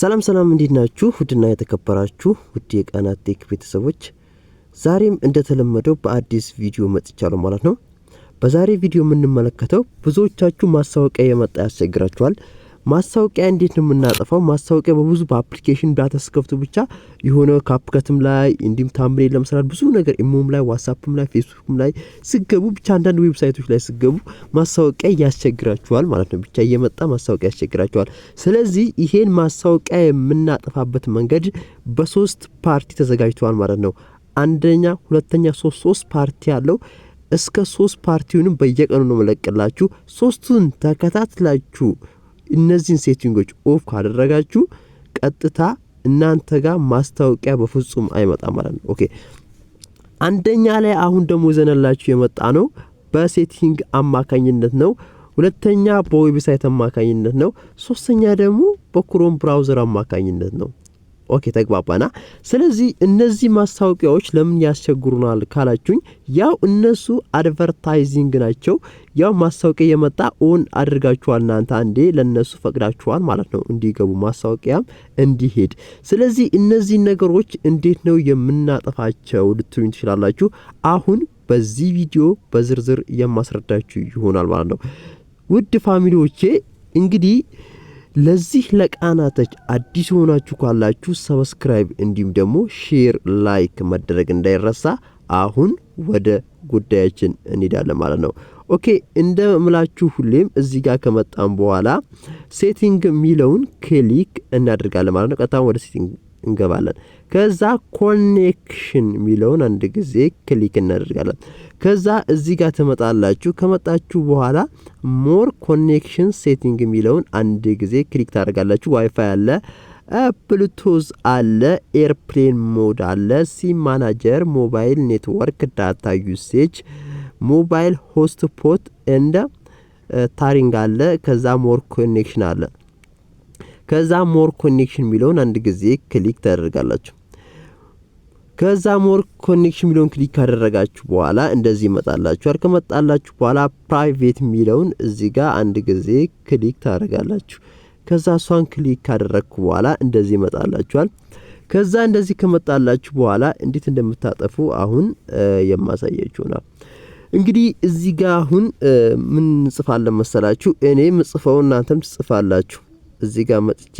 ሰላም ሰላም እንዴት ናችሁ? ውድና የተከበራችሁ ውድ የቃና ቴክ ቤተሰቦች ዛሬም እንደተለመደው በአዲስ ቪዲዮ መጥቻለሁ ማለት ነው። በዛሬ ቪዲዮ የምንመለከተው ብዙዎቻችሁ ማስታወቂያ የመጣ ያስቸግራችኋል። ማስታወቂያ እንዴት ነው የምናጠፋው? ማስታወቂያ በብዙ በአፕሊኬሽን ዳታስ ብቻ የሆነ ካፕከትም ላይ እንዲሁም ታምሬ ለመስራት ብዙ ነገር ኢሞም ላይ ዋትሳፕም ላይ ፌስቡክም ላይ ስገቡ ብቻ አንዳንድ ዌብሳይቶች ላይ ስገቡ ማስታወቂያ ያስቸግራችኋል ማለት ነው። ብቻ እየመጣ ማስታወቂያ ያስቸግራችኋል። ስለዚህ ይሄን ማስታወቂያ የምናጠፋበት መንገድ በሶስት ፓርቲ ተዘጋጅተዋል ማለት ነው። አንደኛ፣ ሁለተኛ፣ ሶስት ሶስት ፓርቲ ያለው እስከ ሶስት ፓርቲውንም በየቀኑ ነው መለቅላችሁ ሶስቱን ተከታትላችሁ እነዚህን ሴቲንጎች ኦፍ ካደረጋችሁ ቀጥታ እናንተ ጋር ማስታወቂያ በፍጹም አይመጣም ማለት ነው። ኦኬ አንደኛ ላይ አሁን ደግሞ ይዘነላችሁ የመጣ ነው በሴቲንግ አማካኝነት ነው። ሁለተኛ በዌብሳይት አማካኝነት ነው። ሶስተኛ ደግሞ በክሮም ብራውዘር አማካኝነት ነው። ኦኬ ተግባባና። ስለዚህ እነዚህ ማስታወቂያዎች ለምን ያስቸግሩናል ካላችሁኝ፣ ያው እነሱ አድቨርታይዚንግ ናቸው። ያው ማስታወቂያ የመጣ ኦን አድርጋችኋል እናንተ አንዴ ለእነሱ ፈቅዳችኋል ማለት ነው እንዲገቡ ማስታወቂያም እንዲሄድ። ስለዚህ እነዚህ ነገሮች እንዴት ነው የምናጠፋቸው ልትሉኝ ትችላላችሁ። አሁን በዚህ ቪዲዮ በዝርዝር የማስረዳችሁ ይሆናል ማለት ነው ውድ ፋሚሊዎቼ እንግዲህ ለዚህ ለቃና አዲስ የሆናችሁ ካላችሁ ሰብስክራይብ እንዲሁም ደግሞ ሼር ላይክ መደረግ እንዳይረሳ። አሁን ወደ ጉዳያችን እንሄዳለን ማለት ነው። ኦኬ እንደ ምላችሁ ሁሌም እዚህ ጋር ከመጣም በኋላ ሴቲንግ የሚለውን ክሊክ እናደርጋለን ማለት ነው። ቀጥታ ወደ ሴቲንግ እንገባለን። ከዛ ኮኔክሽን የሚለውን አንድ ጊዜ ክሊክ እናደርጋለን። ከዛ እዚህ ጋር ትመጣላችሁ። ከመጣችሁ በኋላ ሞር ኮኔክሽን ሴቲንግ የሚለውን አንድ ጊዜ ክሊክ ታደርጋላችሁ። ዋይፋይ አለ ብሉቱዝ አለ፣ ኤርፕሌን ሞድ አለ፣ ሲም ማናጀር፣ ሞባይል ኔትወርክ፣ ዳታ ዩሴጅ፣ ሞባይል ሆስት ፖት እንደ ታሪንግ አለ። ከዛ ሞር ኮኔክሽን አለ። ከዛ ሞር ኮኔክሽን የሚለውን አንድ ጊዜ ክሊክ ታደርጋላችሁ። ከዛ ሞር ኮኔክሽን የሚለውን ክሊክ ካደረጋችሁ በኋላ እንደዚህ ይመጣላችኋል። ከመጣላችሁ በኋላ ፕራይቬት የሚለውን እዚህ ጋር አንድ ጊዜ ክሊክ ታደርጋላችሁ። ከዛ እሷን ክሊክ ካደረግኩ በኋላ እንደዚህ ይመጣላችኋል። ከዛ እንደዚህ ከመጣላችሁ በኋላ እንዴት እንደምታጠፉ አሁን የማሳያችሁ ነው። እንግዲህ እዚህ ጋር አሁን ምን እንጽፋለን መሰላችሁ? እኔ ምጽፈው እናንተም ትጽፋላችሁ። እዚህ ጋር መጥቼ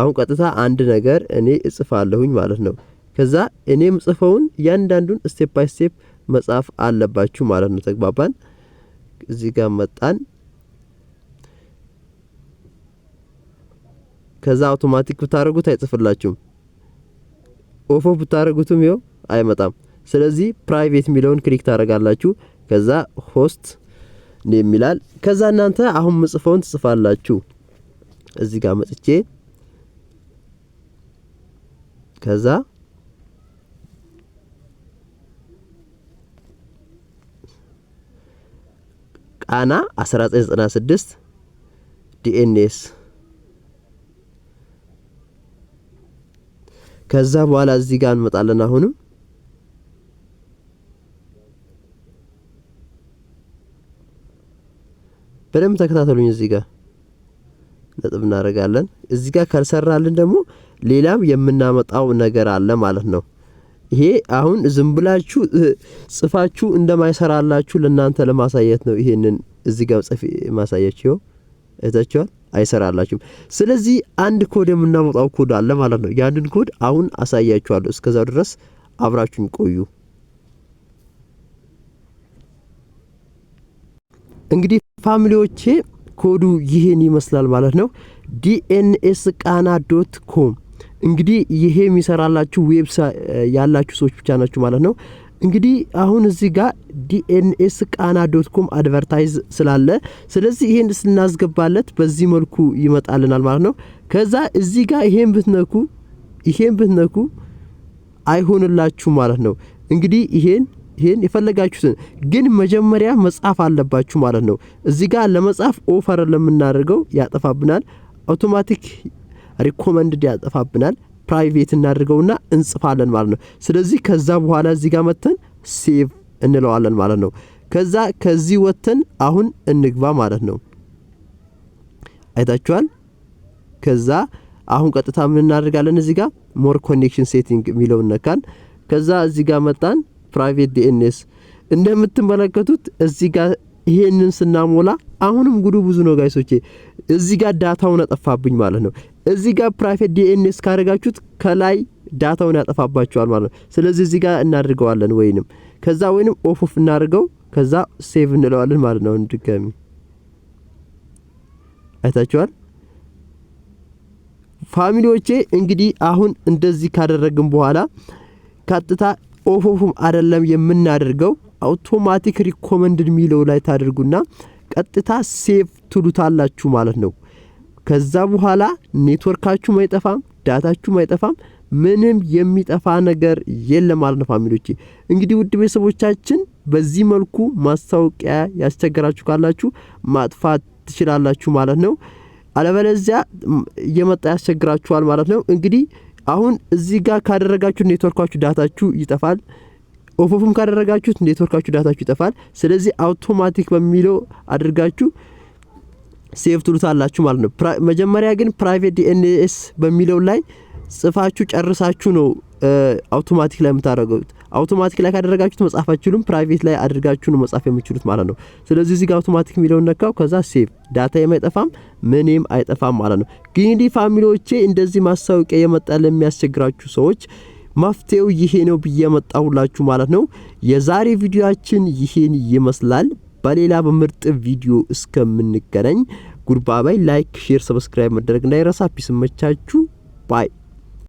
አሁን ቀጥታ አንድ ነገር እኔ እጽፋለሁኝ ማለት ነው። ከዛ እኔ ምጽፈውን እያንዳንዱን ስቴፕ ባይ ስቴፕ መጻፍ አለባችሁ ማለት ነው። ተግባባን። እዚህ ጋር መጣን። ከዛ አውቶማቲክ ብታደርጉት አይጽፍላችሁም። ኦፎ ብታደርጉትም ይኸው አይመጣም። ስለዚህ ፕራይቬት የሚለውን ክሊክ ታደርጋላችሁ። ከዛ ሆስት የሚላል ከዛ እናንተ አሁን ምጽፈውን ትጽፋላችሁ። እዚህ ጋር መጥቼ ከዛ ቃና 1996 ዲኤንኤስ ከዛ በኋላ እዚህ ጋር እንመጣለን። አሁንም በደንብ ተከታተሉኝ እዚህ ጋር ነጥብ እናደርጋለን። እዚህ ጋር ካልሰራልን ደግሞ ሌላም የምናመጣው ነገር አለ ማለት ነው። ይሄ አሁን ዝም ብላችሁ ጽፋችሁ እንደማይሰራላችሁ ለእናንተ ለማሳየት ነው። ይሄንን እዚህ ጋር ጽፌ ማሳያችሁ እታችኋል፣ አይሰራላችሁም። ስለዚህ አንድ ኮድ የምናመጣው ኮድ አለ ማለት ነው። ያንን ኮድ አሁን አሳያችኋለሁ። እስከዛው ድረስ አብራችሁን ቆዩ። እንግዲህ ፋሚሊዎቼ ኮዱ ይህን ይመስላል ማለት ነው። ዲኤንኤስ ቃና ዶት ኮም እንግዲህ ይሄ የሚሰራላችሁ ዌብሳ ያላችሁ ሰዎች ብቻ ናችሁ ማለት ነው። እንግዲህ አሁን እዚህ ጋር ዲኤንኤስ ቃና ዶት ኮም አድቨርታይዝ ስላለ ስለዚህ ይሄን ስናስገባለት በዚህ መልኩ ይመጣልናል ማለት ነው። ከዛ እዚህ ጋር ይሄን ብትነኩ ይሄን ብትነኩ አይሆንላችሁ ማለት ነው። እንግዲህ ይሄን ይህን የፈለጋችሁትን ግን መጀመሪያ መጻፍ አለባችሁ ማለት ነው። እዚህ ጋር ለመጻፍ ኦፈር ለምናደርገው ያጠፋብናል። አውቶማቲክ ሪኮመንድድ ያጠፋብናል። ፕራይቬት እናድርገውና እንጽፋለን ማለት ነው። ስለዚህ ከዛ በኋላ እዚህ ጋር መተን ሴቭ እንለዋለን ማለት ነው። ከዛ ከዚህ ወጥተን አሁን እንግባ ማለት ነው። አይታችኋል። ከዛ አሁን ቀጥታ ምን እናደርጋለን? እዚህ ጋር ሞር ኮኔክሽን ሴቲንግ የሚለውን ነካን። ከዛ እዚህ ጋር መጣን። ፕራይቬት ዲኤንኤስ እንደምትመለከቱት እዚህ ጋር ይሄንን ስናሞላ አሁንም ጉዱ ብዙ ነው ጋይሶቼ። እዚህ ጋር ዳታውን ያጠፋብኝ ማለት ነው። እዚህ ጋር ፕራይቬት ዲኤንኤስ ካደረጋችሁት ከላይ ዳታውን ያጠፋባችኋል ማለት ነው። ስለዚህ እዚህ ጋር እናድርገዋለን ወይንም ከዛ ወይንም ኦፍ ኦፍ እናድርገው ከዛ ሴቭ እንለዋለን ማለት ነው። ድጋሚ አይታችኋል ፋሚሊዎቼ። እንግዲህ አሁን እንደዚህ ካደረግን በኋላ ቀጥታ ኦሆሁም አይደለም የምናደርገው አውቶማቲክ ሪኮመንድድ የሚለው ላይ ታደርጉና ቀጥታ ሴቭ ትሉታላችሁ ማለት ነው። ከዛ በኋላ ኔትወርካችሁም አይጠፋም፣ ዳታችሁም አይጠፋም፣ ምንም የሚጠፋ ነገር የለም ማለት ነው። ፋሚሊዎቼ እንግዲህ ውድ ቤተሰቦቻችን በዚህ መልኩ ማስታወቂያ ያስቸገራችሁ ካላችሁ ማጥፋት ትችላላችሁ ማለት ነው። አለበለዚያ እየመጣ ያስቸግራችኋል ማለት ነው እንግዲህ አሁን እዚህ ጋር ካደረጋችሁ ኔትወርካችሁ ዳታችሁ ይጠፋል። ኦፎፉም ካደረጋችሁት ኔትወርካችሁ ዳታችሁ ይጠፋል። ስለዚህ አውቶማቲክ በሚለው አድርጋችሁ ሴቭ ትሉታላችሁ ማለት ነው። መጀመሪያ ግን ፕራይቬት ዲኤንኤስ በሚለው ላይ ጽፋችሁ ጨርሳችሁ ነው አውቶማቲክ ላይ የምታደረጉት አውቶማቲክ ላይ ካደረጋችሁት መጻፍ አችሉም ፕራይቬት ላይ አድርጋችሁ ነው መጻፍ የምችሉት ማለት ነው። ስለዚህ እዚህ ጋር አውቶማቲክ የሚለውን ነካው። ከዛ ሴቭ ዳታ የማይጠፋም ምንም አይጠፋም ማለት ነው። ግን እንዲህ ፋሚሊዎቼ እንደዚህ ማስታወቂያ የመጣ ለሚያስቸግራችሁ ሰዎች መፍትሄው ይሄ ነው ብዬ መጣሁላችሁ ማለት ነው። የዛሬ ቪዲዮችን ይሄን ይመስላል። በሌላ በምርጥ ቪዲዮ እስከምንገናኝ ጉድባባይ። ላይክ፣ ሼር፣ ሰብስክራይብ መደረግ እንዳይረሳ። ፒስ መቻችሁ ባይ